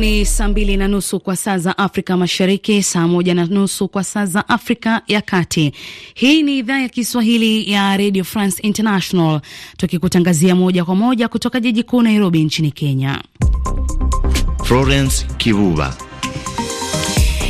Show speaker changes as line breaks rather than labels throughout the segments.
Ni saa mbili na nusu kwa saa za Afrika Mashariki, saa moja na nusu kwa saa za Afrika ya Kati. Hii ni idhaa ya Kiswahili ya Radio France International, tukikutangazia moja kwa moja kutoka jiji kuu Nairobi nchini Kenya.
Florence Kivuva.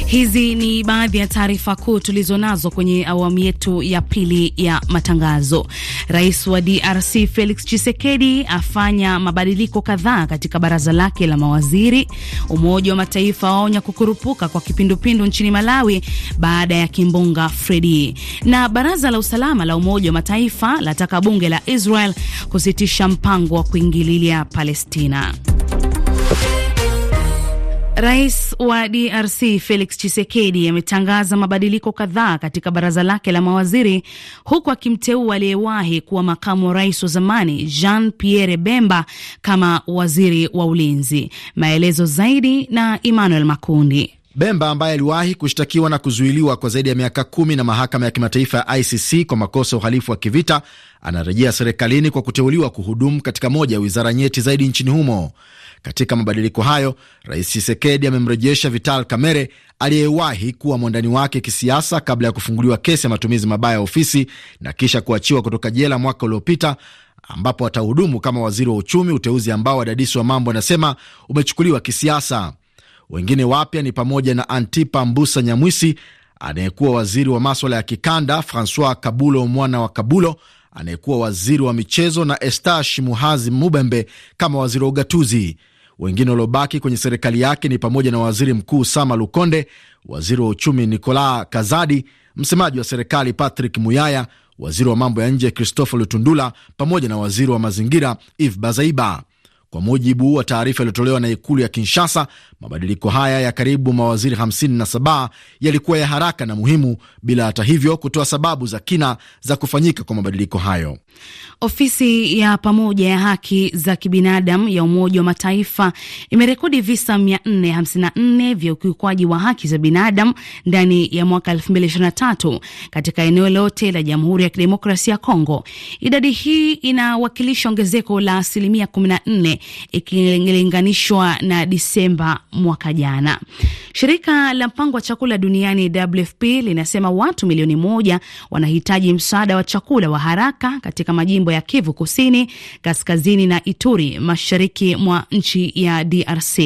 Hizi ni baadhi ya taarifa kuu tulizo nazo kwenye awamu yetu ya pili ya matangazo. Rais wa DRC Felix Tshisekedi afanya mabadiliko kadhaa katika baraza lake la mawaziri. Umoja wa Mataifa waonya kukurupuka kwa kipindupindu nchini Malawi baada ya kimbunga Freddy, na baraza la usalama la Umoja wa Mataifa lataka bunge la Israel kusitisha mpango wa kuingililia Palestina. Rais wa DRC Felix Tshisekedi ametangaza mabadiliko kadhaa katika baraza lake la mawaziri huku akimteua aliyewahi kuwa makamu wa rais wa zamani Jean Pierre Bemba kama waziri wa ulinzi. Maelezo zaidi
na Emmanuel Makundi. Bemba ambaye aliwahi kushtakiwa na kuzuiliwa kwa zaidi ya miaka kumi na mahakama ya kimataifa ya ICC kwa makosa ya uhalifu wa kivita anarejea serikalini kwa kuteuliwa kuhudumu katika moja ya wizara nyeti zaidi nchini humo. Katika mabadiliko hayo, Rais Chisekedi amemrejesha Vital Kamerhe aliyewahi kuwa mwandani wake kisiasa kabla ya kufunguliwa kesi ya matumizi mabaya ya ofisi na kisha kuachiwa kutoka jela mwaka uliopita ambapo atahudumu kama waziri wa uchumi, uteuzi ambao wadadisi wa mambo anasema umechukuliwa kisiasa. Wengine wapya ni pamoja na Antipa Mbusa Nyamwisi anayekuwa waziri wa maswala ya kikanda, Francois Kabulo mwana wa Kabulo anayekuwa waziri wa michezo na Estash Muhazi Mubembe kama waziri wa ugatuzi. Wengine waliobaki kwenye serikali yake ni pamoja na waziri mkuu Sama Lukonde, waziri wa uchumi Nikola Kazadi, msemaji wa serikali Patrick Muyaya, waziri wa mambo ya nje Christopher Lutundula pamoja na waziri wa mazingira eve Bazaiba. Kwa mujibu wa taarifa iliyotolewa na ikulu ya Kinshasa, Mabadiliko haya ya karibu mawaziri 57 yalikuwa ya haraka na muhimu, bila hata hivyo kutoa sababu za kina za kufanyika kwa mabadiliko hayo.
Ofisi ya pamoja ya haki za kibinadamu ya Umoja wa Mataifa imerekodi visa 454 vya ukiukwaji wa haki za binadamu ndani ya mwaka 2023 katika eneo lote la Jamhuri ya Kidemokrasia ya Kongo. Idadi hii inawakilisha ongezeko la asilimia 14 ikilinganishwa na Disemba mwaka jana. Shirika la mpango wa chakula duniani WFP linasema watu milioni moja wanahitaji msaada wa chakula wa haraka katika majimbo ya Kivu Kusini, Kaskazini na Ituri, mashariki mwa nchi ya DRC.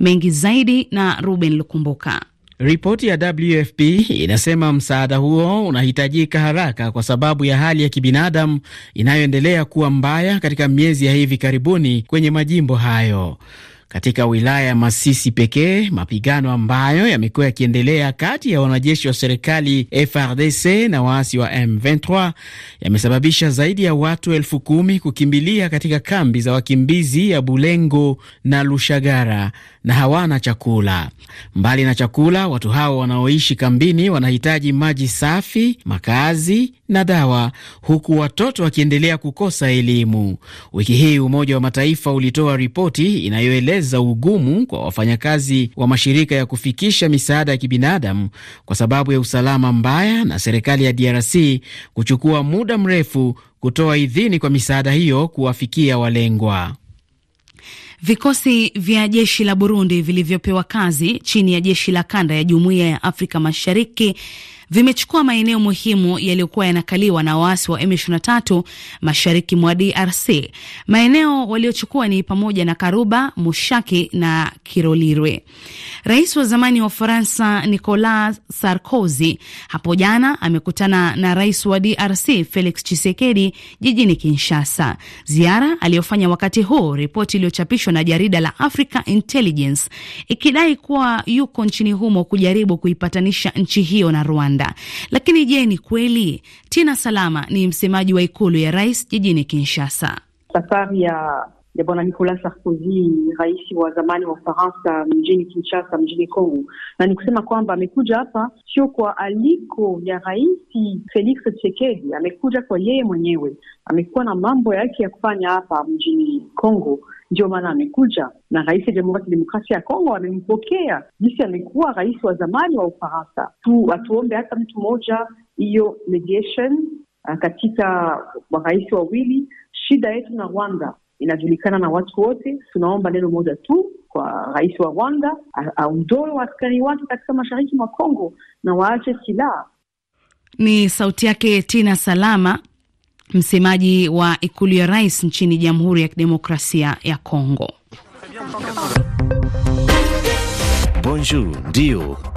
Mengi zaidi na Ruben Lukumbuka.
Ripoti ya WFP inasema msaada huo unahitajika haraka kwa sababu ya hali ya kibinadamu inayoendelea kuwa mbaya katika miezi ya hivi karibuni kwenye majimbo hayo katika wilaya ya Masisi pekee, mapigano ambayo yamekuwa yakiendelea kati ya wanajeshi wa serikali FRDC na waasi wa M23 yamesababisha zaidi ya watu elfu kumi kukimbilia katika kambi za wakimbizi ya Bulengo na Lushagara na hawana chakula. Mbali na chakula, watu hao wanaoishi kambini wanahitaji maji safi, makazi na dawa, huku watoto wakiendelea kukosa elimu. Wiki hii Umoja wa Mataifa ulitoa ripoti inayoeleza ugumu kwa wafanyakazi wa mashirika ya kufikisha misaada ya kibinadamu kwa sababu ya usalama mbaya na serikali ya DRC kuchukua muda mrefu kutoa idhini kwa misaada hiyo kuwafikia walengwa.
Vikosi vya jeshi la Burundi vilivyopewa kazi chini ya jeshi la kanda ya Jumuiya ya Afrika Mashariki vimechukua maeneo muhimu yaliyokuwa yanakaliwa na waasi wa M23 mashariki mwa DRC. Maeneo waliochukua ni pamoja na Karuba, Mushaki na Kirolirwe. Rais wa zamani wa Ufaransa Nicolas Sarkozy hapo jana amekutana na rais wa DRC Felix Tshisekedi jijini Kinshasa, ziara aliyofanya wakati huu, ripoti iliyochapishwa na jarida la Africa Intelligence ikidai kuwa yuko nchini humo kujaribu kuipatanisha nchi hiyo na Rwanda. Uganda. Lakini je, ni kweli? Tina Salama ni msemaji wa ikulu ya rais jijini Kinshasa.
Safari ya ya Bwana Nicolas Sarkozy, rais wa zamani wa Ufaransa, mjini Kinshasa, mjini Kongo, na ni kusema kwamba amekuja hapa sio kwa aliko ya rais Felix Tshisekedi, amekuja kwa yeye mwenyewe. Amekuwa na mambo yake ya kufanya hapa mjini Kongo ndio maana amekuja na rais wa Jamhuri ya Kidemokrasia ya Kongo amempokea jinsi alikuwa rais wa zamani wa Ufaransa. Tu atuombe hata mtu mmoja hiyo negation ah, katika marais wawili. Shida yetu na Rwanda inajulikana na watu wote. Tunaomba neno moja tu kwa rais wa Rwanda, aondoe waaskari wake katika mashariki mwa Kongo na waache silaha.
Ni sauti yake Tina Salama, msemaji wa ikulu ya rais nchini Jamhuri ya Kidemokrasia ya Kongo.
Bonjour, ndio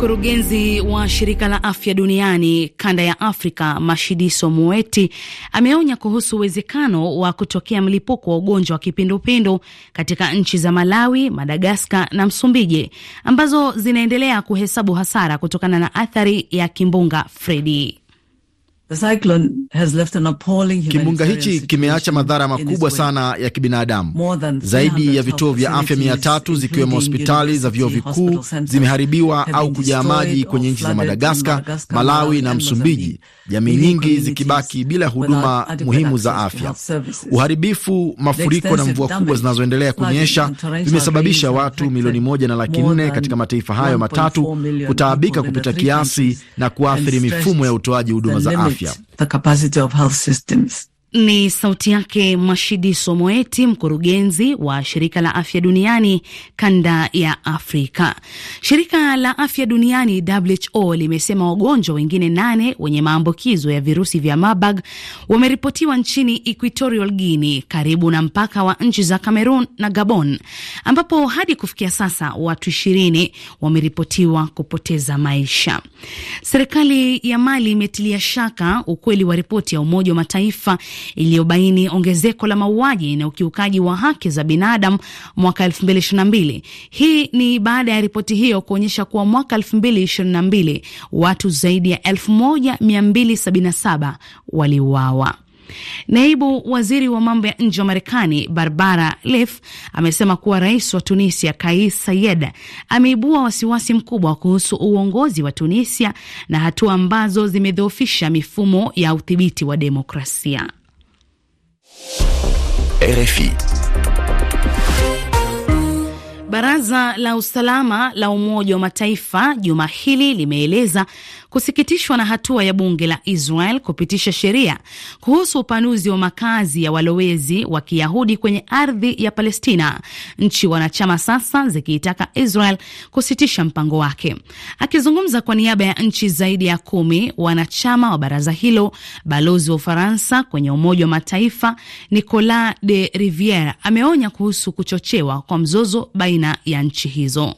Mkurugenzi wa shirika la afya duniani kanda ya Afrika, Mashidiso Moeti, ameonya kuhusu uwezekano wa kutokea mlipuko wa ugonjwa wa kipindupindu katika nchi za Malawi, Madagaskar na Msumbiji ambazo zinaendelea kuhesabu hasara kutokana na athari ya kimbunga Fredi.
Kimbunga hichi kimeacha madhara makubwa sana ya kibinadamu. Zaidi ya vituo vya afya mia tatu zikiwemo hospitali za vyuo vikuu zimeharibiwa au kujaa maji kwenye nchi za Madagaskar, Malawi na Msumbiji, jamii nyingi zikibaki bila huduma muhimu za afya. Uharibifu, mafuriko na mvua kubwa zinazoendelea kunyesha vimesababisha watu milioni moja na laki nne katika mataifa hayo matatu kutaabika kupita kiasi na kuathiri mifumo ya utoaji huduma za afya. yeah.
the capacity of health systems.
Ni sauti yake mashidi Somoeti, mkurugenzi wa shirika la afya duniani kanda ya Afrika. Shirika la afya duniani WHO limesema wagonjwa wengine nane wenye maambukizo ya virusi vya Marburg wameripotiwa nchini Equatorial Guinea, karibu na mpaka wa nchi za Cameroon na Gabon, ambapo hadi kufikia sasa watu ishirini wameripotiwa kupoteza maisha. Serikali ya Mali imetilia shaka ukweli wa ripoti ya Umoja wa Mataifa iliyobaini ongezeko la mauaji na ukiukaji wa haki za binadamu mwaka 2022. Hii ni baada ya ripoti hiyo kuonyesha kuwa mwaka 2022 watu zaidi ya 1277 waliuawa. Naibu waziri wa mambo ya nje wa Marekani Barbara Leaf amesema kuwa rais wa Tunisia Kais Saied ameibua wasiwasi mkubwa kuhusu uongozi wa Tunisia na hatua ambazo zimedhoofisha mifumo ya udhibiti wa demokrasia. RFI. Baraza la usalama la Umoja wa Mataifa juma hili limeeleza kusikitishwa na hatua ya bunge la Israel kupitisha sheria kuhusu upanuzi wa makazi ya walowezi wa Kiyahudi kwenye ardhi ya Palestina, nchi wanachama sasa zikiitaka Israel kusitisha mpango wake. Akizungumza kwa niaba ya nchi zaidi ya kumi wanachama wa baraza hilo, balozi wa Ufaransa kwenye Umoja wa Mataifa Nicolas de Riviere ameonya kuhusu kuchochewa kwa mzozo baina ya nchi hizo.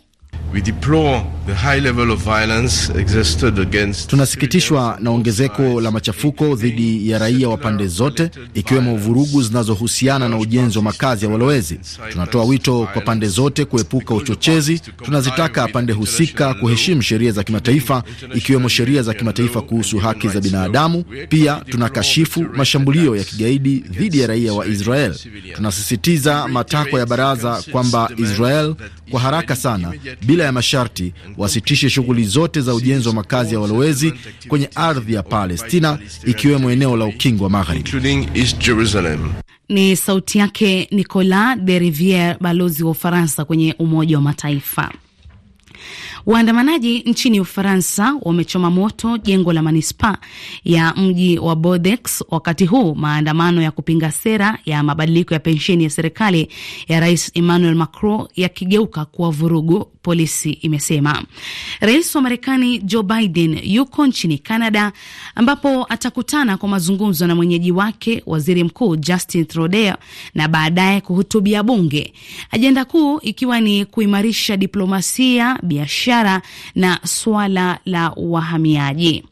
Tunasikitishwa na ongezeko la machafuko dhidi ya raia wa pande zote, ikiwemo vurugu zinazohusiana na ujenzi wa makazi ya walowezi. Tunatoa wito kwa pande zote kuepuka uchochezi. Tunazitaka pande husika kuheshimu sheria za kimataifa, ikiwemo sheria za kimataifa kuhusu haki za binadamu. Pia tunakashifu mashambulio ya kigaidi dhidi ya raia wa Israel. Tunasisitiza matakwa ya baraza kwamba Israel kwa haraka sana bila bila ya masharti wasitishe shughuli zote za ujenzi wa makazi ya walowezi kwenye ardhi ya Palestina, ikiwemo eneo la ukingo wa Magharibi.
Ni sauti yake Nicolas de Riviere, balozi wa Ufaransa kwenye Umoja wa Mataifa. Waandamanaji nchini Ufaransa wamechoma moto jengo la manispa ya mji wa Bordeaux, wakati huu maandamano ya kupinga sera ya mabadiliko ya pensheni ya serikali ya Rais Emmanuel Macron yakigeuka kuwa vurugu, polisi imesema. Rais wa Marekani Joe Biden yuko nchini Canada ambapo atakutana kwa mazungumzo na mwenyeji wake waziri mkuu Justin Trudeau na baadaye kuhutubia bunge, ajenda kuu ikiwa ni kuimarisha diplomasia, biashara biashara na suala la wahamiaji.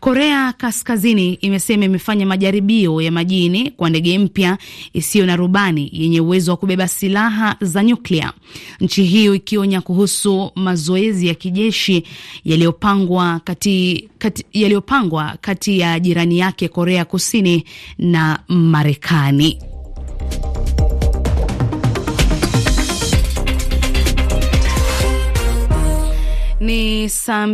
Korea Kaskazini imesema imefanya majaribio ya majini kwa ndege mpya isiyo na rubani yenye uwezo wa kubeba silaha za nyuklia, nchi hiyo ikionya kuhusu mazoezi ya kijeshi yaliyopangwa kati, kati, yaliyopangwa kati ya jirani yake Korea Kusini na Marekani. Ni saa